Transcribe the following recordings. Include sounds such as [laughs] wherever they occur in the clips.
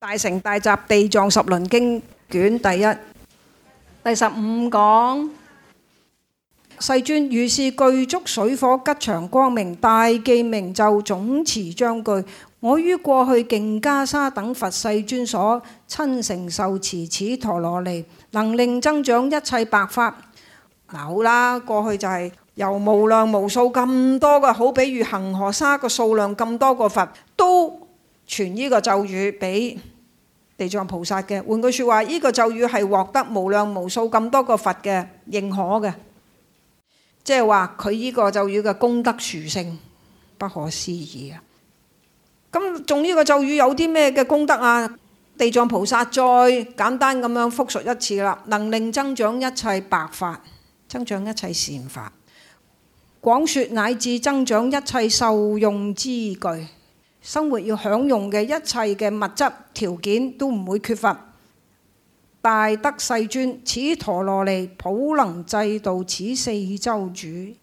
大乘大集地藏十輪經卷第一，第十五講，世尊，如是具足水火吉祥光明大記明呪總持章句，我於過去殑伽沙等佛世尊所，親承受持此陀羅尼，能令增長一切白法。嗱，好啦，過去就係、是、由無量無數咁多嘅，好比如恒河沙嘅數量咁多個佛都，傳呢個咒語俾地藏菩薩嘅，換句說話，呢個咒語係獲得無量無數咁多個佛嘅認可嘅，即係話佢呢個咒語嘅功德殊勝，不可思議啊！咁仲呢個咒語有啲咩嘅功德啊？地藏菩薩再簡單咁樣複述一次啦，能令增長一切白法，增長一切善法，廣說乃至增長一切受用資具。生活要享用嘅一切嘅物質條件都唔會缺乏，大德世尊，此陀羅尼普能濟度此四洲渚。呢、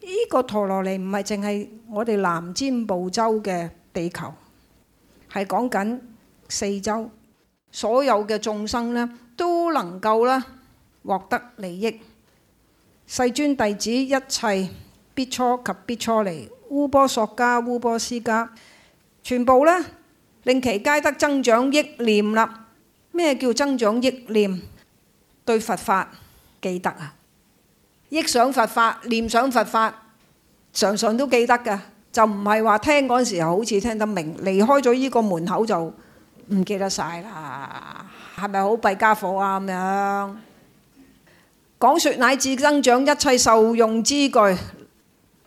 這個陀羅尼唔係淨係我哋南瞻部洲嘅地球，係講緊四洲所有嘅眾生呢，都能夠啦獲得利益。世尊弟子一切苾芻及苾芻尼，鄔波索迦、鄔波斯迦。全部咧令其皆得增長憶念啦。咩叫增長憶念？對佛法記得啊！憶想佛法，念想佛法，常常都記得噶。就唔係話聽嗰陣時好似聽得明，離開咗依個門口就唔記得晒啦。係咪好弊傢伙啊？咁樣講說乃至增長一切受用資具。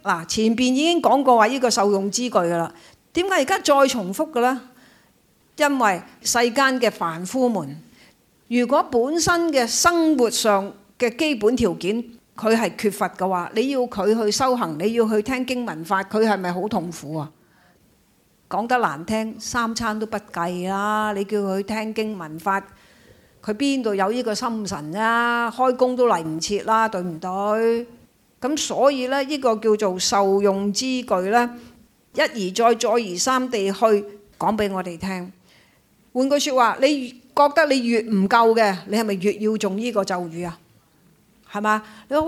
嗱，前邊已經講過話依個受用資具噶啦。點解而家再重複嘅咧？因為世間嘅凡夫們，如果本身嘅生活上嘅基本條件佢係缺乏嘅話，你要佢去修行，你要去聽經文法，佢係咪好痛苦啊？講得難聽，三餐都不計啦！你叫佢聽經文法，佢邊度有呢個心神啊？開工都嚟唔切啦，對唔對？咁所以咧，呢個叫做受用之具咧。一而再、再而三地去講俾我哋聽。換句說話,你覺得你越唔夠嘅,你係咪越要種呢個咒語啊?係嘛?你話,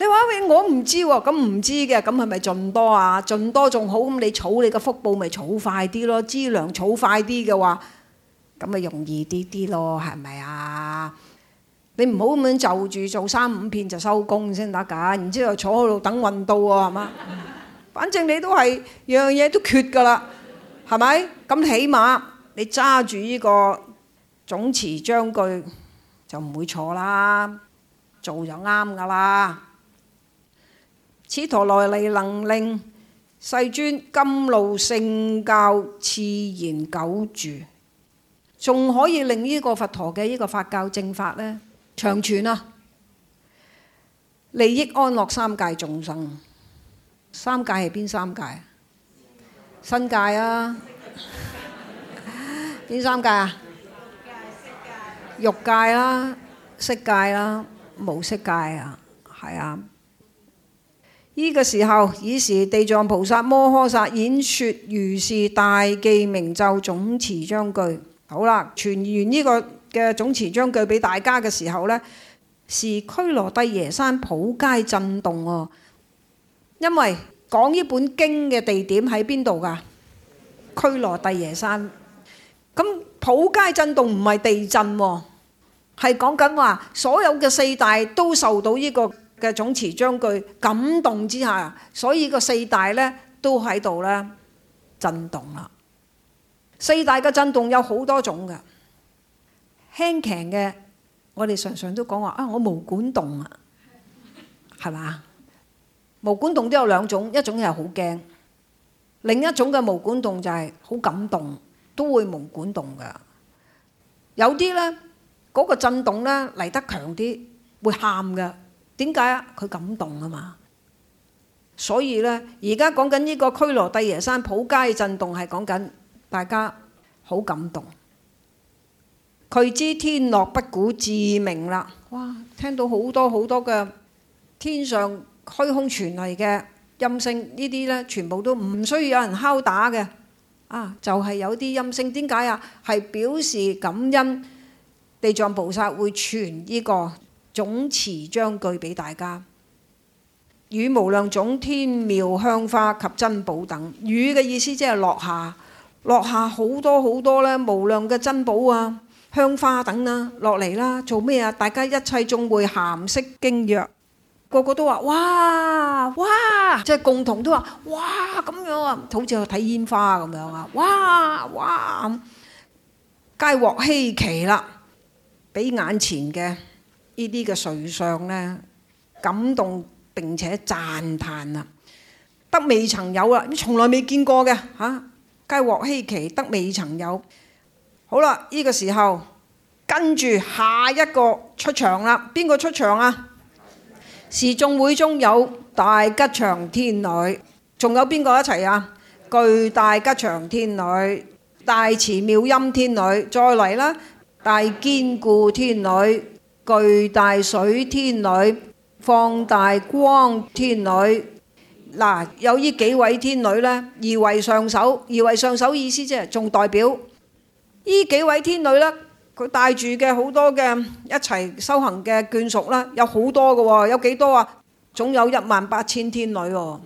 你話喂，我唔知喎，咁唔知嘅，咁係咪盡多啊？盡多仲好，咁你儲你個福報，咪儲快啲咯？資糧儲快啲嘅話，咁咪容易啲啲咯，係咪啊？你唔好咁樣就住做三五遍就收工先得㗎，然之後坐喺度等運到喎，係嘛？反正你都係樣樣嘢都缺㗎啦，係咪？咁起碼你揸住呢個總持章句就唔會錯啦，做就啱㗎啦。此陀羅尼能令世尊甘露聖教熾然久住，仲可以令呢個佛陀嘅呢個佛教正法呢長存啊！利益安樂三界眾生，三界係邊三界啊？新界啊？邊三界啊？欲界啦、啊、色界啦、啊、無色界啊？係啊。呢個時候，爾時地藏菩薩摩訶薩演說如是大記明呪總持章句。好啦，傳完呢個嘅總持章句俾大家嘅時候呢，是佉羅帝耶山普皆震動哦。因為講呢本經嘅地點喺邊度噶？佉羅帝耶山。咁普皆震動唔係地震，係講緊話所有嘅四大都受到呢、這個。嘅總持章句感動之下，所以個四大咧都喺度咧震動啦。四大嘅震動有好多種噶，輕強嘅，我哋常常都講話啊，我毛管動啊，係嘛？毛管動都有兩種，一種係好驚，另一種嘅毛管動就係好感動，都會毛管動噶。有啲咧嗰個震動咧嚟得強啲，會喊噶。點解啊？佢感動啊嘛，所以呢，而家講緊呢個佉羅帝耶山普皆震動，係講緊大家好感動。俱胝天樂不鼓自鳴啦！哇，聽到好多好多嘅天上虛空傳嚟嘅音聲，呢啲呢全部都唔需要有人敲打嘅。啊，就係、是、有啲音聲，點解啊？係表示感恩地藏菩薩會傳呢、這個。總持章句俾大家，雨無量種天妙香花及珍寶等，雨嘅意思即係落下，落下好多好多咧無量嘅珍寶啊、香花等啊，落嚟啦，做咩啊？大家一切眾會咸悉驚躍，個個都話：，哇哇，即係共同都話：，哇咁樣啊，好似去睇煙花咁樣啊，哇哇咁，皆獲希奇啦，俾眼前嘅。呢啲嘅瑞相咧，感動並且讚歎啦，得未曾有啊！你從來未見過嘅嚇，皆獲希奇，得未曾有。好啦，呢個時候跟住下一個出場啦，邊個出場啊？時眾會中有大吉祥天女，仲有邊個一齊啊？具大吉祥天女、大池妙音天女，再嚟啦！大堅固天女。具大水天女，放大光天女，嗱、啊、有呢幾位天女呢？而為上首，而為上首意思即係，仲代表呢幾位天女呢，佢帶住嘅好多嘅一齊修行嘅眷屬啦，有好多嘅、哦，有幾多啊？總有一萬八千天女哦，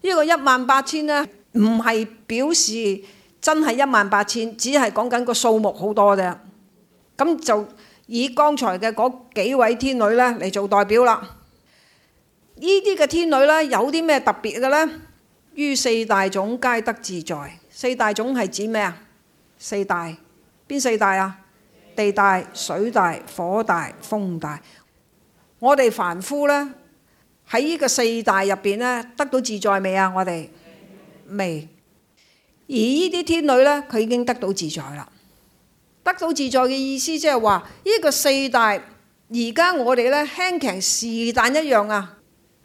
呢、這個一萬八千呢，唔係表示真係一萬八千，只係講緊個數目好多啫，咁就。以剛才嘅嗰幾位天女呢嚟做代表啦，呢啲嘅天女呢，有啲咩特別嘅呢？於四大種皆得自在。四大種係指咩啊？四大？邊四大啊？地大、水大、火大、風大。我哋凡夫呢，喺呢個四大入邊呢，得到自在未啊？我哋未。而呢啲天女呢，佢已經得到自在啦。得到自在嘅意思，即係話呢個四大而家我哋咧輕強是但一樣啊，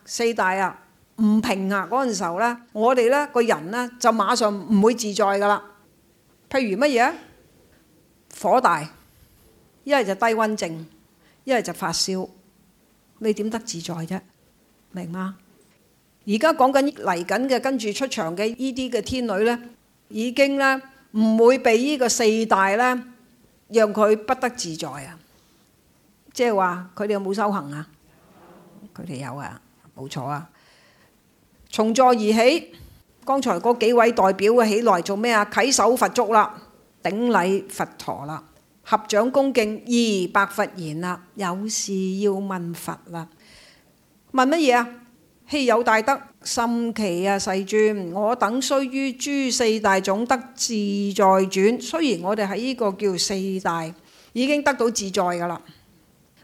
四大啊唔平啊嗰陣時候咧，我哋咧個人咧就馬上唔會自在噶啦。譬如乜嘢火大，一係就低溫症，一係就發燒，你點得自在啫？明嗎？而家講緊嚟緊嘅跟住出場嘅呢啲嘅天女咧，已經咧唔會被呢個四大咧。讓佢不得自在啊！即係話佢哋有冇修行啊？佢哋有啊，冇錯啊！從座而起，剛才嗰幾位代表啊，起來做咩啊？稽首佛足啦，頂禮佛陀啦，合掌恭敬而白佛言啦，有事要問佛啦，問乜嘢啊？希有大德，甚奇啊！世尊，我等雖於諸四大種得自在轉，雖然我哋喺呢個叫四大已經得到自在噶啦，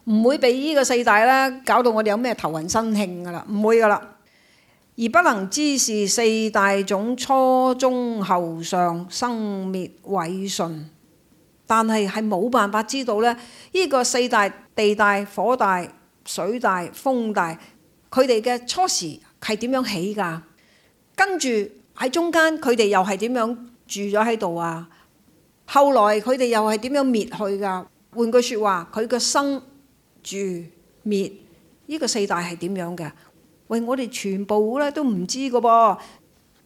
唔會俾呢個四大咧搞到我哋有咩頭暈身㷫噶啦，唔會噶啦。而不能知是四大種初中後相生滅違順，但係係冇辦法知道咧，呢、這個四大地大火大水大風大。佢哋嘅初時係點樣起噶？跟住喺中間，佢哋又係點樣住咗喺度啊？後來佢哋又係點樣滅去噶？換句說話，佢個生住滅呢個四大係點樣嘅？喂，我哋全部咧都唔知噶噃。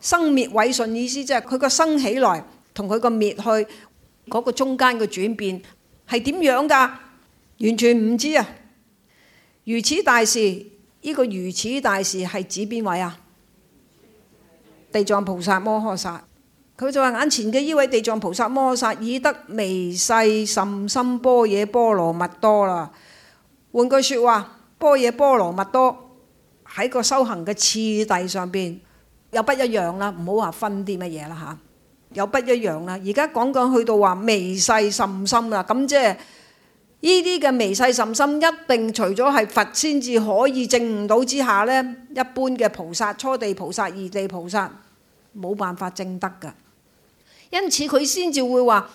生滅違順意思即係佢個生起來同佢個滅去嗰個中間嘅轉變係點樣噶？完全唔知啊！如此大士。呢個如此大士係指邊位啊？地藏菩薩摩訶薩，佢就話眼前嘅呢位地藏菩薩摩薩已得微細甚深般若波羅蜜多啦。換句説話，般若波羅蜜多喺個修行嘅次第上邊有不一樣啦，唔好話分啲乜嘢啦嚇，有不一樣啦。而家講講去到話微細甚深啦，咁即係。呢啲嘅微細甚深，一定除咗係佛先至可以證悟到之下呢。一般嘅菩薩初地菩薩、二地菩薩冇辦法證得噶。因此佢先至會話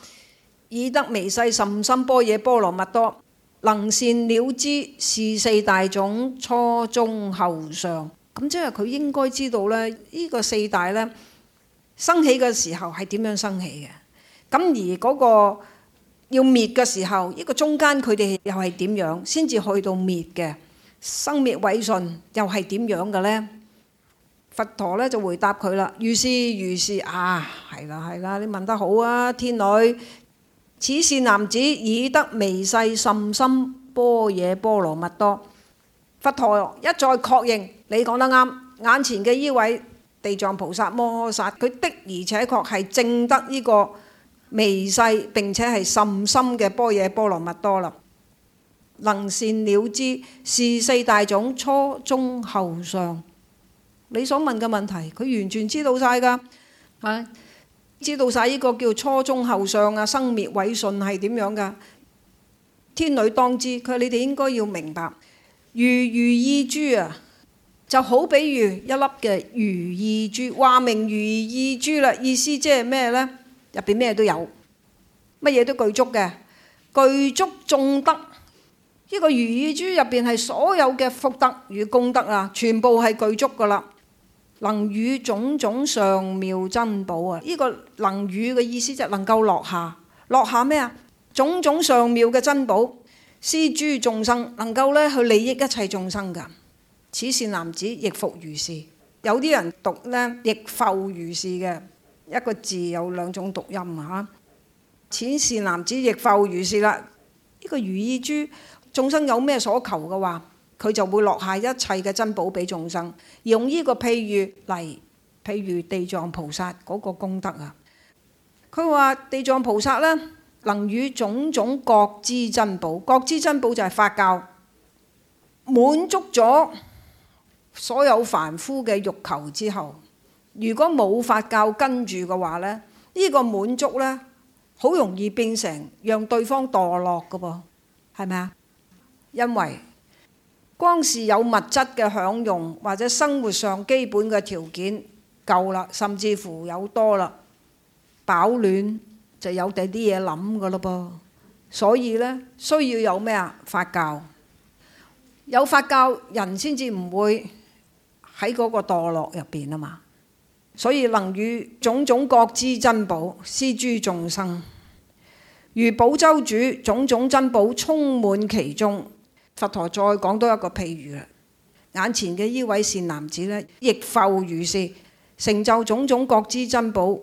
已得微細甚深般若波羅蜜多能善了知，是四大種初中後相。咁即係佢應該知道咧，呢、這個四大咧生起嘅時候係點樣生起嘅。咁而嗰、那個。要滅嘅時候，呢個中間佢哋又係點樣先至去到滅嘅？生滅違順又係點樣嘅咧？佛陀咧就回答佢啦。如是，如是啊，係啦係啦，你問得好啊，天女，此善男子已得微細甚深般若波羅蜜多。佛陀一再確認，你講得啱，眼前嘅呢位地藏菩薩摩訶薩，佢的而且確係正得呢個。微細並且係甚深嘅般若波羅蜜多啦，能善了知是四大種初中後相。你所問嘅問題，佢完全知道晒噶，啊、嗯，知道晒呢個叫初中後相啊生滅違順係點樣噶？天女當知，佢話你哋應該要明白如如意珠啊，就好比如一粒嘅如意珠，話明如意珠啦，意思即係咩呢？入邊咩都有，乜嘢都具足嘅，具足眾德。呢、這個如意珠入邊係所有嘅福德與功德啦，全部係具足噶啦。能雨種種上妙珍寶啊！呢、這個能雨嘅意思就係能夠落下，落下咩啊？種種上妙嘅珍寶，施諸眾生，能夠咧去利益一切眾生噶。此善男子亦復如是。有啲人讀咧，亦復如是嘅。一個字有兩種讀音嚇。此善男子亦復如是啦。呢、這個如意珠，眾生有咩所求嘅話，佢就會落下一切嘅珍寶俾眾生。用呢個譬喻嚟譬如地藏菩薩嗰個功德啊。佢話地藏菩薩呢，能雨種種覺支珍寶，覺支珍寶就係法教滿足咗所有凡夫嘅欲求之後。如果冇法教跟住嘅話咧，呢個滿足呢，好容易變成讓對方墮落嘅噃，係咪啊？因為光是有物質嘅享用或者生活上基本嘅條件夠啦，甚至乎有多啦，飽暖就有第啲嘢諗嘅嘞噃。所以呢，需要有咩啊？法教有法教人先至唔會喺嗰個墮落入邊啊嘛。所以能雨種種覺支珍寶施諸眾生，如寶洲渚，種種珍寶充滿其中。佛陀再講多一個譬如：眼前嘅呢位善男子呢亦復如是，成就種種覺支珍寶。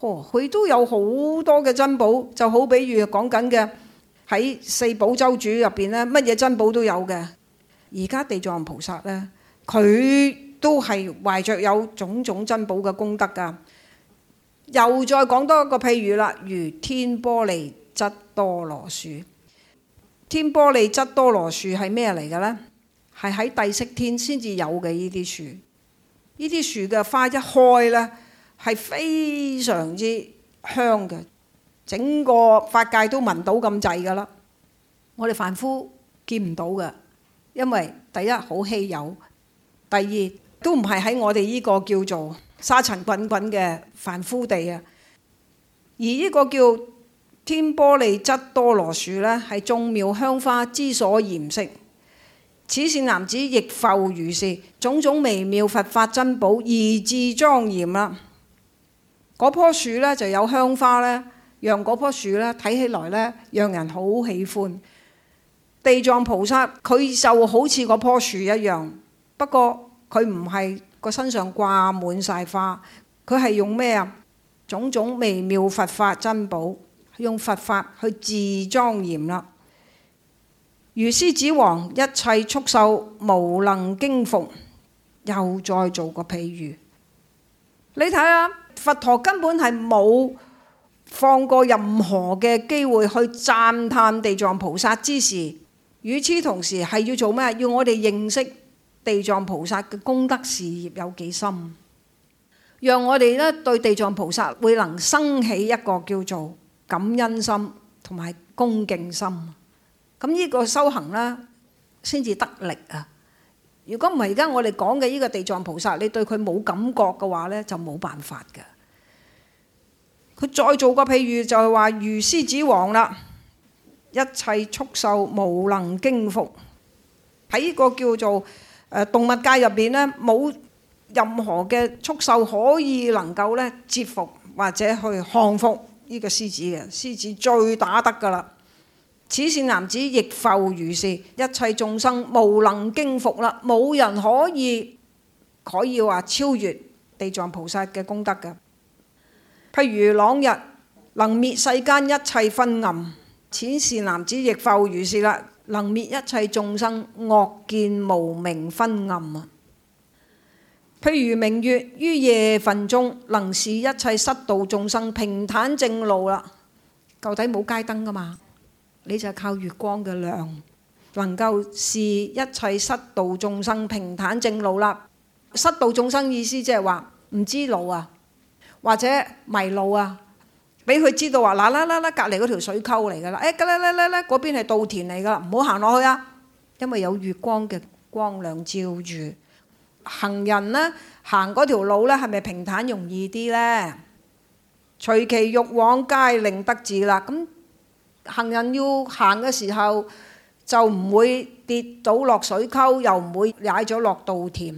哦，佢都有好多嘅珍寶，就好比如講緊嘅喺四寶洲渚入邊呢乜嘢珍寶都有嘅。而家地藏菩薩呢，佢都係懷着有種種珍寶嘅功德噶，又再講多一個譬喻啦，如天波利質多羅樹。天波利質多羅樹係咩嚟嘅呢？係喺帝釋天先至有嘅呢啲樹。呢啲樹嘅花一開呢，係非常之香嘅，整個法界都聞到咁滯噶啦。我哋凡夫見唔到嘅，因為第一好稀有，第二。都唔係喺我哋呢個叫做沙塵滾滾嘅凡夫地啊，而呢個叫天波利質多羅樹呢，係眾妙香花之所嚴飾。此善男子亦復如是，種種微妙佛法珍寶，而自莊嚴啦。嗰棵樹呢就有香花呢，讓嗰棵樹呢睇起來呢讓人好喜歡。地藏菩薩佢就好似嗰棵樹一樣，不過。佢唔係個身上掛滿晒花，佢係用咩啊？種種微妙佛法珍寶，用佛法去自莊嚴啦。如獅子王，一切畜獸無能驚伏。又再做個譬喻，你睇下，佛陀根本係冇放過任何嘅機會去讚嘆地藏菩薩之事。與此同時，係要做咩？要我哋認識。地藏菩薩嘅功德事業有幾深？讓我哋咧對地藏菩薩會能生起一個叫做感恩心同埋恭敬心。咁呢個修行呢，先至得力啊！如果唔係而家我哋講嘅呢個地藏菩薩，你對佢冇感覺嘅話呢，就冇辦法噶。佢再做個譬如就係話如獅子王啦，一切畜獸無能驚伏。喺呢個叫做。誒動物界入邊呢，冇任何嘅畜獸可以能夠呢折服或者去降服呢個獅子嘅，獅子最打得㗎啦！此善男子亦復如是，一切眾生無能驚伏啦，冇人可以可以話超越地藏菩薩嘅功德㗎。譬如朗日能滅世間一切昏闇，此善男子亦復如是啦。能滅一切眾生惡見無明昏闇啊！譬如明月於夜分中，能示一切失道眾生平坦正路啦。舊底冇街燈㗎嘛？你就靠月光嘅亮，能夠示一切失道眾生平坦正路啦。失道眾生意思即係話唔知路啊，或者迷路啊。俾佢知道話嗱嗱嗱嗱，隔離嗰條水溝嚟噶啦！誒嗰嗱嗱嗱嗱，嗰邊係稻田嚟噶啦，唔好行落去啊！因為有月光嘅光亮照住行人呢，行嗰條路咧，係咪平坦容易啲呢？隨其欲往皆令得至啦！咁行人要行嘅時候，就唔會跌倒落水溝，又唔會踩咗落稻田，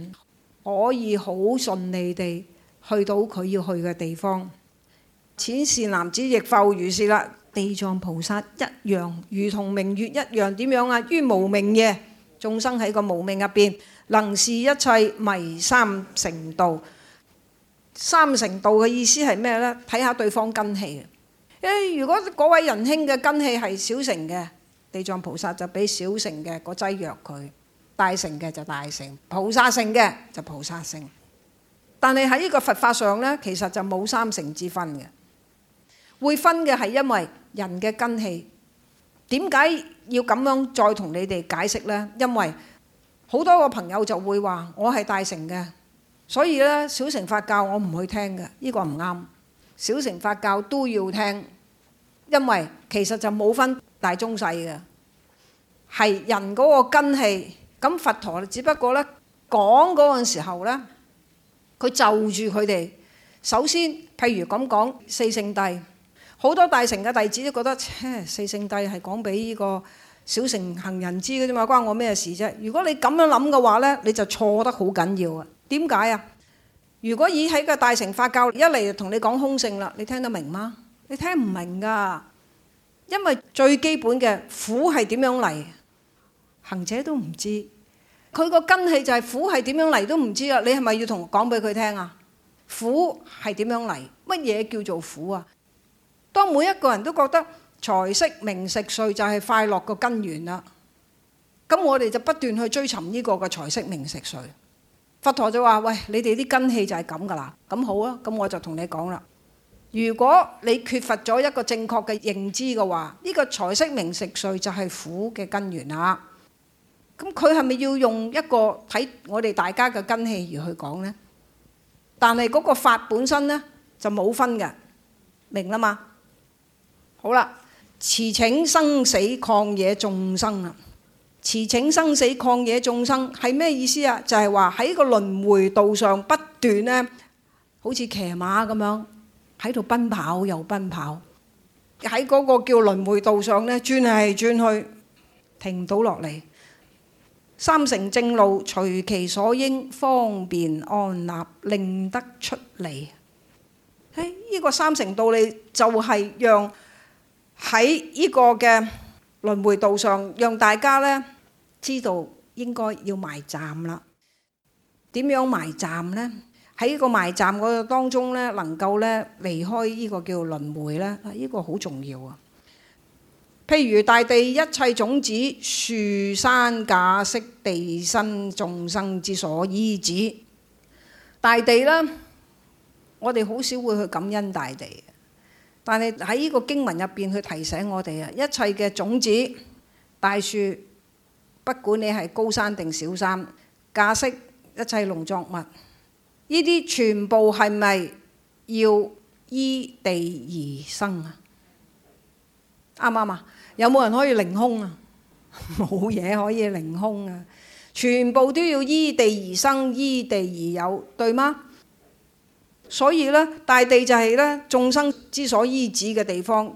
可以好順利地去到佢要去嘅地方。此善男子亦復如是啦，地藏菩薩一樣，如同明月一樣，點樣啊？於無明夜，眾生喺個無明入邊，能示一切迷三乘道，三乘道嘅意思係咩呢？睇下對方根氣，哎、如果嗰位仁兄嘅根氣係小乘嘅，地藏菩薩就俾小乘嘅個劑藥佢，大乘嘅就大乘，菩薩乘嘅就菩薩乘。但係喺呢個佛法上呢，其實就冇三乘之分嘅。會分嘅係因為人嘅根器，點解要咁樣再同你哋解釋呢？因為好多個朋友就會話我係大乘嘅，所以咧小乘法教我唔去聽嘅，呢個唔啱。小乘法教都要聽，因為其實就冇分大中細嘅，係人嗰個根器。咁佛陀只不過咧講嗰陣時候咧，佢就住佢哋。首先，譬如咁講四聖諦。好多大乘嘅弟子都覺得，切四聖諦係講俾呢個小乘行人知嘅啫嘛，關我咩事啫？如果你咁樣諗嘅話咧，你就錯得好緊要啊！點解啊？如果以喺個大乘法教一嚟就同你講空性啦，你聽得明嗎？你聽唔明噶，因為最基本嘅苦係點樣嚟，行者都唔知。佢個根氣就係苦係點樣嚟都唔知啊。你係咪要同講俾佢聽啊？苦係點樣嚟？乜嘢叫做苦啊？當每一個人都覺得財色名食睡就係快樂個根源啦，咁我哋就不斷去追尋呢個嘅財色名食睡，佛陀就話：喂，你哋啲根器就係咁噶啦，咁好啊，咁我就同你講啦。如果你缺乏咗一個正確嘅認知嘅話，呢個財色名食睡就係苦嘅根源啊。咁佢係咪要用一個睇我哋大家嘅根器而去講呢？但係嗰個法本身呢，就冇分嘅，明啦嘛？好啦，馳騁生死曠野眾生啊！馳騁生死曠野眾生係咩意思啊？就係話喺個輪迴道上不斷呢，好似騎馬咁樣喺度奔跑又奔跑，喺嗰個叫輪迴道上呢，轉嚟轉去，停到落嚟。三乘正路，隨其所應，方便安立，令得出嚟。喺、哎、呢、這個三乘道理就係讓。喺依個嘅輪迴道上，讓大家咧知道應該要埋站啦。點樣埋站咧？喺依個埋站嗰個當中咧，能夠咧離開依個叫輪迴咧，啊，依個好重要啊。譬如大地，一切種子、樹山稼穡地身眾生之所依止，大地咧，我哋好少會去感恩大地嘅。但係喺呢個經文入邊，佢提醒我哋啊，一切嘅種子、大樹，不管你係高山定小山、稼穡，一切農作物，呢啲全部係咪要依地而生啊？啱唔啱啊？有冇人可以凌空啊？冇 [laughs] 嘢可以凌空啊！全部都要依地而生，依地而有，對嗎？所以呢，大地就係呢眾生之所依止嘅地方。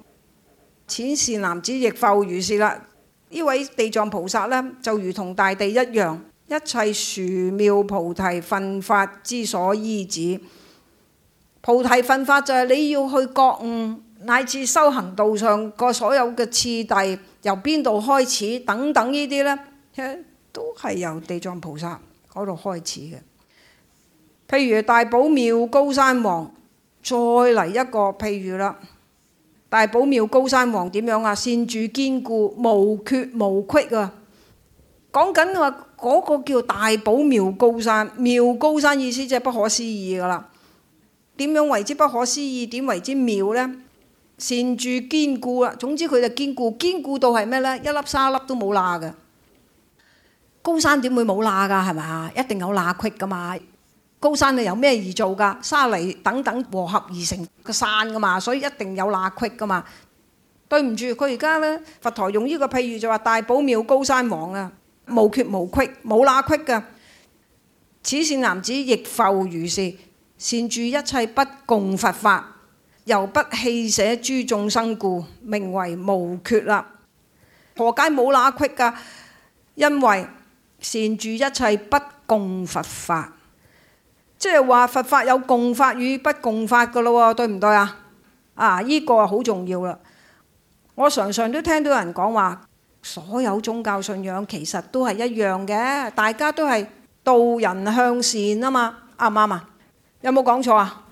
此善男子亦復如是啦。呢位地藏菩薩呢，就如同大地一樣，一切殊妙菩提分法之所依止。菩提分法就係你要去覺悟，乃至修行道上個所有嘅次第，由邊度開始等等呢啲呢，都係由地藏菩薩嗰度開始嘅。譬如大寶妙高山王，再嚟一個譬如啦，大寶妙高山王點樣啊？善住堅固，無缺無隙噶。講緊話嗰個叫大寶妙高山，妙高山意思即係不可思議噶啦。點樣為之不可思議？點為之妙呢？善住堅固啊！總之佢就堅固，堅固到係咩呢？一粒沙粒都冇罅嘅。高山點會冇罅噶？係咪啊？一定有罅隙噶嘛？高山係由咩而做噶？沙泥等等和合而成個山噶嘛，所以一定有罅隙噶嘛。對唔住，佢而家咧，佛陀用呢個譬喻就話大寶妙高山王啊，無缺無隙，冇罅隙噶。此善男子亦復如是，善住一切不共佛法，由不棄捨諸眾生故，名為無缺啦。何解冇罅隙噶？因為善住一切不共佛法。即係話佛法有共法與不共法㗎咯喎，對唔對啊？啊，呢個好重要啦！我常常都聽到人講話，所有宗教信仰其實都係一樣嘅，大家都係導人向善啊嘛，啱唔啱啊？有冇講錯啊？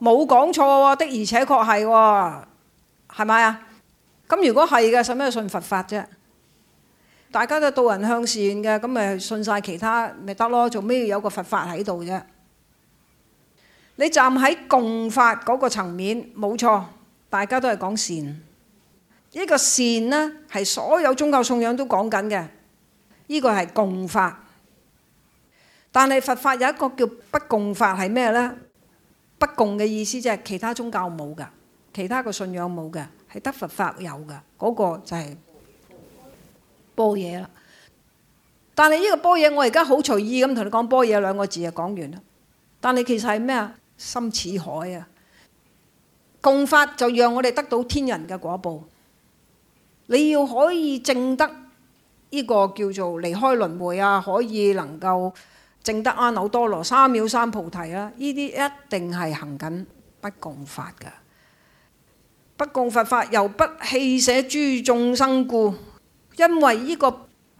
冇講錯喎，的而且確係喎，係咪啊？咁如果係嘅，使咩信佛法啫？大家都導人向善嘅，咁咪信晒其他咪得咯，做咩要有個佛法喺度啫？你站喺共法嗰個層面，冇錯，大家都係講善。呢個善呢，係所有宗教信仰都講緊嘅，呢個係共法。但係佛法有一個叫不共法，係咩呢？不共嘅意思即係其他宗教冇噶，其他個信仰冇嘅，係得佛法有嘅。嗰個就係般若啦。但係呢個般若，我而家好隨意咁同你講般若兩個字就講完啦。但係其實係咩啊？心似海啊，共法就讓我哋得到天人嘅果報。你要可以證得呢個叫做離開輪迴啊，可以能夠證得阿耨多羅三藐三菩提啦、啊。呢啲一定係行緊不共法嘅。不共佛法由不棄捨諸眾生故。因為呢個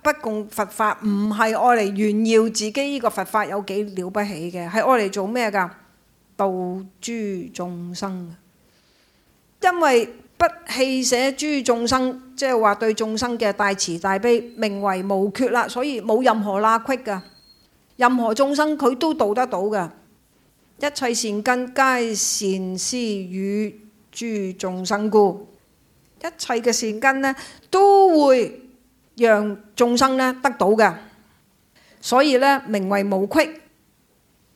不共佛法唔係愛嚟炫耀自己呢個佛法有幾了不起嘅，係愛嚟做咩㗎？度諸眾生，因為不棄捨諸眾生，即係話對眾生嘅大慈大悲，名為無缺啦。所以冇任何罅隙嘅，任何眾生佢都度得到嘅。一切善根皆善施與諸眾生故，一切嘅善根咧都會讓眾生咧得到嘅。所以咧，名為無隙。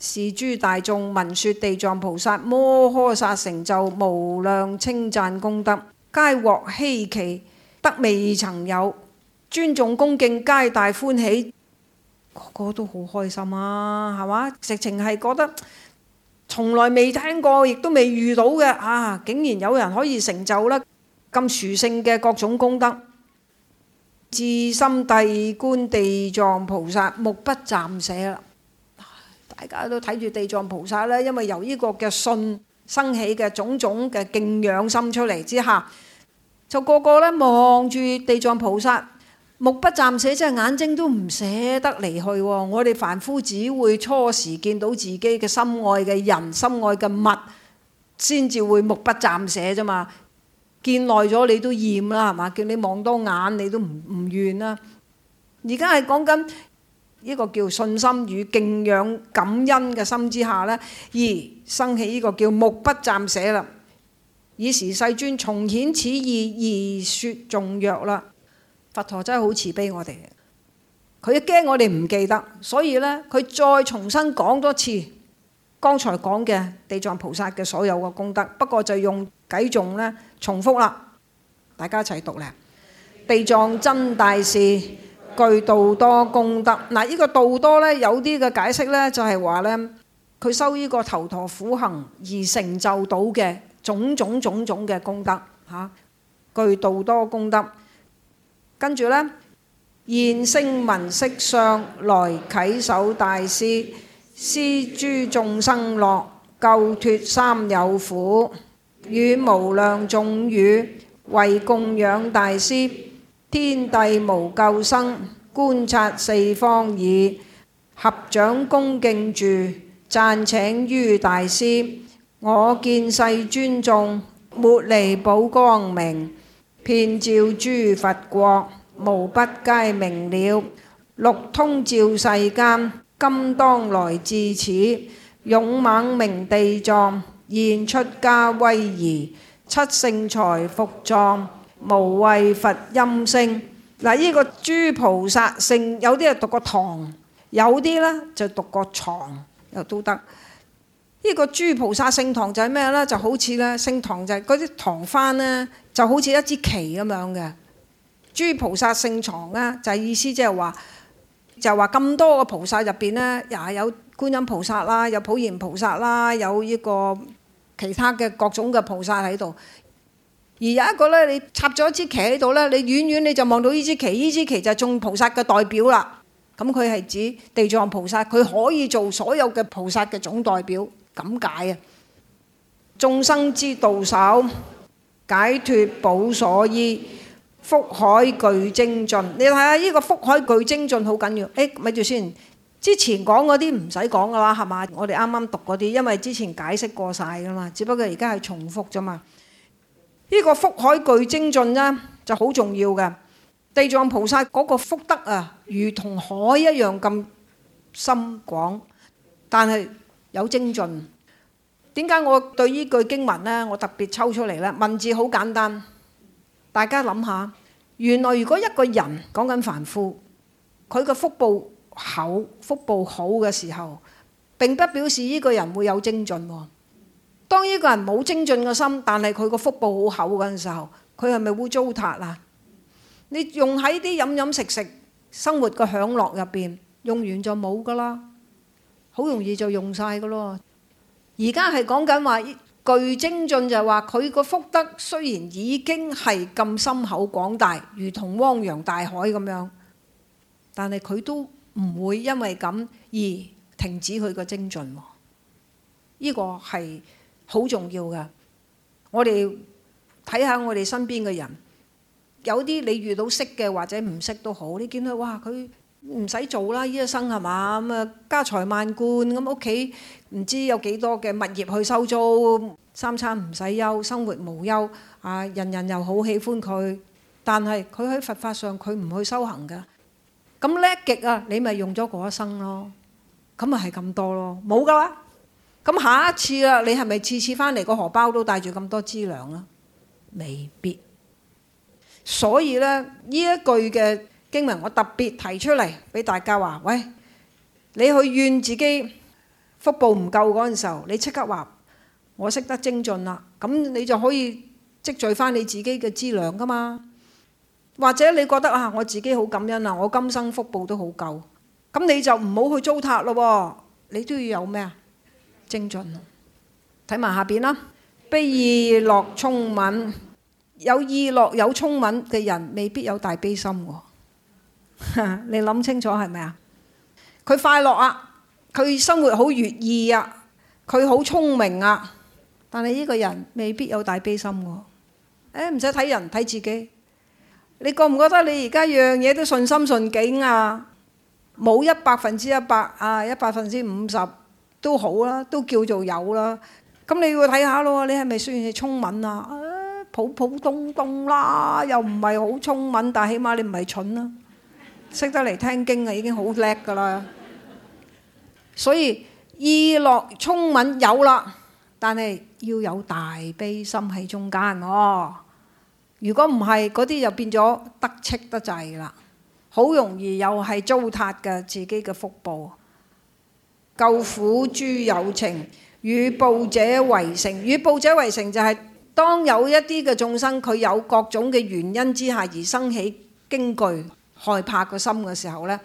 時諸大眾聞說地藏菩薩摩訶薩成就無量稱讚功德，皆獲希奇，得未曾有。尊重恭敬，皆大歡喜，個個都好開心啊，係嘛？直情係覺得從來未聽過，亦都未遇到嘅啊！竟然有人可以成就啦，咁殊勝嘅各種功德，至心諦觀地藏菩薩，目不暫捨啦。大家都睇住地藏菩薩咧，因為由呢個嘅信生起嘅種種嘅敬仰心出嚟之下，就個個咧望住地藏菩薩，目不暫捨，即係眼睛都唔捨得離去。我哋凡夫只會初時見到自己嘅心愛嘅人、心愛嘅物，先至會目不暫捨啫嘛。見耐咗你都厭啦，係嘛？叫你望多眼你都唔唔願啦。而家係講緊。呢個叫信心與敬仰感恩嘅心之下呢而生起呢個叫目不暫捨啦。爾時世尊重顯此義而説頌曰啦。佛陀真係好慈悲我哋，佢一驚我哋唔記得，所以呢，佢再重新講多次剛才講嘅地藏菩薩嘅所有嘅功德，不過就用偈頌呢重複啦。大家一齊讀咧，地藏真大士。」具杜多功德，嗱呢個杜多咧，有啲嘅解釋咧，就係話咧，佢修呢個頭陀苦行而成就到嘅種種種種嘅功德嚇，具杜多功德。跟住咧，現聲聞色相來稽首大師，施諸眾生樂，救脫三有苦，雨無量種雨為供養大師。天帝無垢生，觀察四方已。合掌恭敬住，讚請於大師。我見世尊眾，末尼寶光明，遍照諸佛國，無不皆明了。六通照世間，今當來至此，勇猛名地藏，現出家威儀，七聖財伏藏。無畏佛音聲，嗱，呢個諸菩薩勝，有啲啊讀個唐，有啲咧就讀個藏，又都得。呢個諸菩薩勝幢就係咩咧？就好似咧，勝幢就係嗰啲幢幡咧，就好似一支旗咁樣嘅。諸菩薩勝幢咧，就係意思即係話，就話咁多個菩薩入邊咧，又係有觀音菩薩啦，有普賢菩薩啦，有呢個其他嘅各種嘅菩薩喺度。而有一個咧，你插咗支旗喺度咧，你遠遠你就望到呢支旗，呢支旗就係眾菩薩嘅代表啦。咁佢係指地藏菩薩，佢可以做所有嘅菩薩嘅總代表。咁解啊！眾生之導首，解脫寶所依，福海具精進。你睇下呢個福海具精進好緊要。誒，咪住先，之前講嗰啲唔使講㗎啦，係嘛？我哋啱啱讀嗰啲，因為之前解釋過曬噶嘛，只不過而家係重複咋嘛。呢個福海具精進咧，就好重要嘅。地藏菩薩嗰個福德啊，如同海一樣咁深廣，但係有精進。點解我對呢句經文咧，我特別抽出嚟咧？文字好簡單，大家諗下，原來如果一個人講緊凡夫，佢嘅福報厚、福報好嘅時候，並不表示呢個人會有精進喎。當一個人冇精進個心，但係佢個福報好厚嘅時候，佢係咪會糟蹋啊？你用喺啲飲飲食食生活嘅享樂入邊，用完就冇噶啦，好容易就用晒噶咯。而家係講緊話，巨精進就，就係話佢個福德雖然已經係咁深厚廣大，如同汪洋大海咁樣，但係佢都唔會因為咁而停止佢個精進。呢、這個係。好重要噶！我哋睇下我哋身邊嘅人，有啲你遇到識嘅或者唔識都好，你見到哇佢唔使做啦，呢一生係咪咁啊，家財萬貫，咁屋企唔知有幾多嘅物業去收租，三餐唔使憂，生活無憂啊！人人又好喜歡佢，但係佢喺佛法上佢唔去修行嘅，咁叻極啊！你咪用咗嗰一生咯，咁咪係咁多咯，冇噶話。咁下一次啊，你係咪次次翻嚟個荷包都帶住咁多資糧啊？未必。所以咧，呢一句嘅經文，我特別提出嚟俾大家話：喂，你去怨自己福報唔夠嗰陣時候，你即刻話我識得精進啦，咁你就可以積聚翻你自己嘅資糧噶嘛。或者你覺得啊，我自己好感恩啊，我今生福報都好夠，咁你就唔好去糟蹋咯。你都要有咩啊？精進，睇埋下邊啦。悲意樂聰敏，有意樂有聰敏嘅人，未必有大悲心嘅。你諗清楚係咪啊？佢快樂啊，佢生活好悦意啊，佢好聰明啊，但係呢個人未必有大悲心嘅。誒，唔使睇人，睇自己。你覺唔覺得你而家樣嘢都順心順境啊？冇一百分之一百啊，一百分之五十。都好啦，都叫做有啦。咁你要睇下咯，你係咪算是聰敏啊？啊，普普通通啦，又唔係好聰敏，但起碼你唔係蠢啦，識得嚟聽經啊，已經好叻噶啦。所以意樂聰敏有啦，但係要有大悲心喺中間喎。如果唔係，嗰啲就變咗得戚得滯啦，好容易又係糟蹋嘅自己嘅福報。救苦諸有情，與怖者為城。與怖者為城，就是，就係當有一啲嘅眾生佢有各種嘅原因之下而生起驚懼、害怕個心嘅時候咧，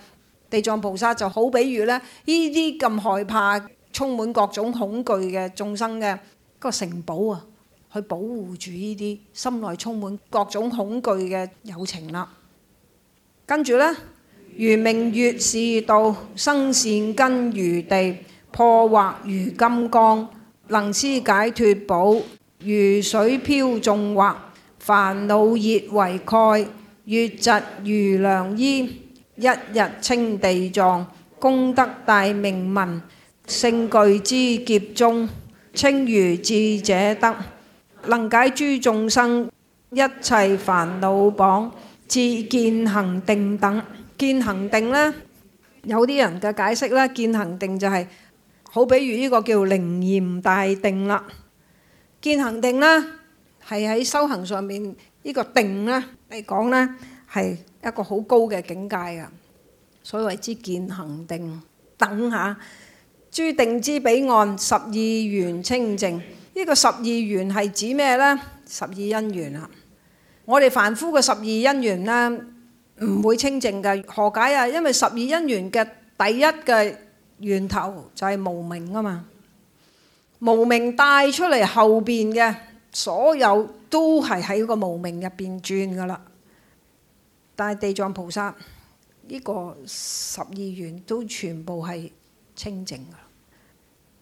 地藏菩薩就好比喻咧，呢啲咁害怕、充滿各種恐懼嘅眾生嘅個城堡啊，去保護住呢啲心內充滿各種恐懼嘅有情啦。跟住咧。如明月示道，生善根如地。破惑如金剛，能施解脫寶。如水漂眾惑，煩惱熱為蓋。愈疾如良醫，一日稱地藏。功德大名聞，勝俱胝劫中。稱餘智者德，能解諸眾生。一切煩惱縛，至健行定等。健行定咧，有啲人嘅解釋咧，健行定就係、是、好，比如呢個叫楞嚴大定啦。健行定呢，係喺修行上面呢、這個定呢，嚟講呢，係一個好高嘅境界啊！所以為之健行定。等下，諸定之彼岸，十二緣清淨。呢、這個十二緣係指咩呢？十二因緣啊！我哋凡夫嘅十二因緣呢。唔會清淨噶，何解啊？因為十二因緣嘅第一嘅源頭就係無明啊嘛，無明帶出嚟後邊嘅所有都係喺個無明入邊轉噶啦。但係地藏菩薩呢、這個十二緣都全部係清淨噶，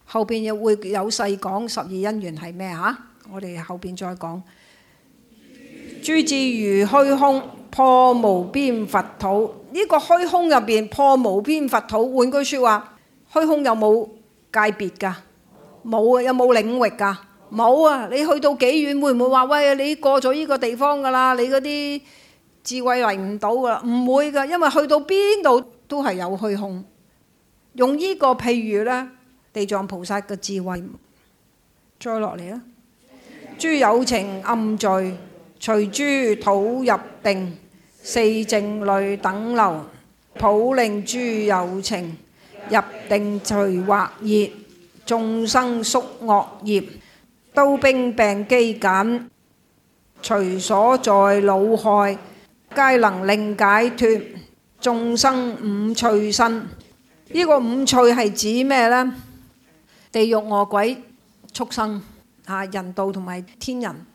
後邊又會有細講十二因緣係咩吓？我哋後邊再講。諸智如虛空，破無邊佛土。呢、這個虛空入邊破無邊佛土，換句說話，虛空有冇界別噶？冇啊，有冇領域噶？冇啊！你去到幾遠，會唔會話喂？你過咗呢個地方噶啦？你嗰啲智慧嚟唔到噶啦？唔會噶，因為去到邊度都係有虛空。用呢個譬如咧，地藏菩薩嘅智慧。再落嚟啦，諸有情暗聚。隨諸土入定，四靜慮等流，普令諸有情入定除惑熱。眾生宿惡業，刀兵病饑饉，隨所在惱害，皆能令解脱，眾生五趣身。呢個五趣係指咩呢？地獄、餓鬼、畜生啊，人道同埋天人。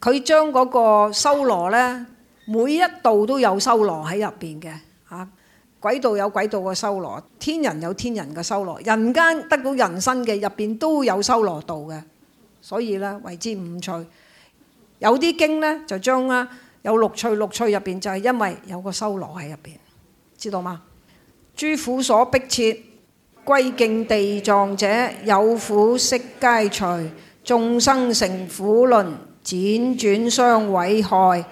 佢將嗰個修羅呢，每一道都有修羅喺入邊嘅啊。鬼道有鬼道嘅修羅，天人有天人嘅修羅，人間得到人身嘅入邊都有修羅道嘅，所以呢，為之五趣。有啲經呢，就將啊，有六趣，六趣入邊就係因為有個修羅喺入邊，知道嗎？諸苦所逼切，歸敬地藏者，有苦悉皆除，眾生乘苦輪。展轉相違害，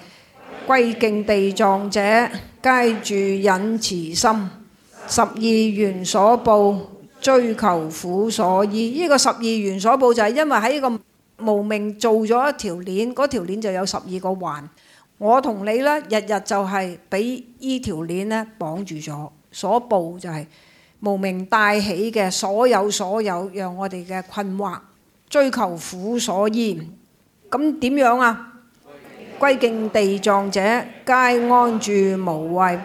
歸敬地藏者，皆住忍慈心。十二緣所怖，追求苦所依。呢、這個十二緣所怖就係因為喺呢個無明做咗一條鏈，嗰條鏈就有十二個環。我同你呢日日就係俾呢條鏈呢綁住咗，所怖就係無明帶起嘅所有所有，讓我哋嘅困惑，追求苦所依。咁點樣啊？歸敬地藏者，皆安住無畏。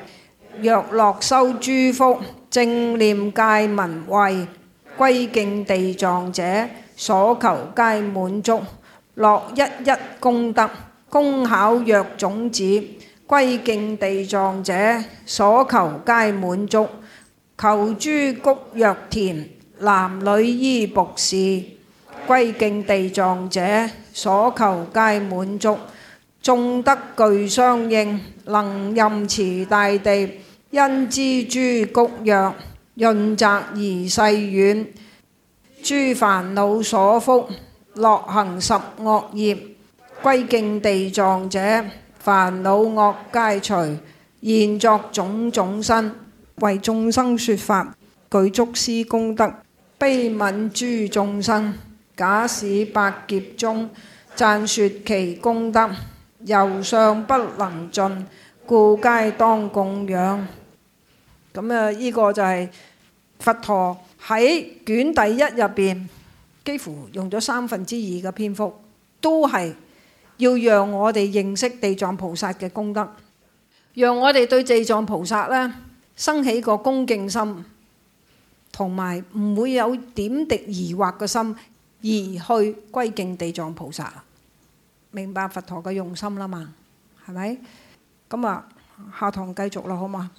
若樂修諸福，正念戒聞慧。歸敬地藏者，所求皆滿足。樂一一功德，工巧藥種子。歸敬地藏者，所求皆滿足。求諸穀藥田，男女衣僕使。歸敬地藏者，所求皆滿足，眾德具相應，能任持大地。因茲諸穀藥，潤澤而細軟，諸煩惱所覆，樂行十惡業，歸敬地藏者，煩惱惡皆除，現作種種身，為眾生說法，具足施功德，悲愍諸眾生。假使百劫中，讚説其功德，猶尚不能盡，故皆當供養。咁啊，依個就係佛陀喺卷第一入邊，幾乎用咗三分之二嘅篇幅，都係要讓我哋認識地藏菩薩嘅功德，讓我哋對地藏菩薩呢生起個恭敬心，同埋唔會有點滴疑惑嘅心。而去歸敬地藏菩薩，明白佛陀嘅用心啦嘛，係咪？咁啊，下堂繼續啦，好嘛？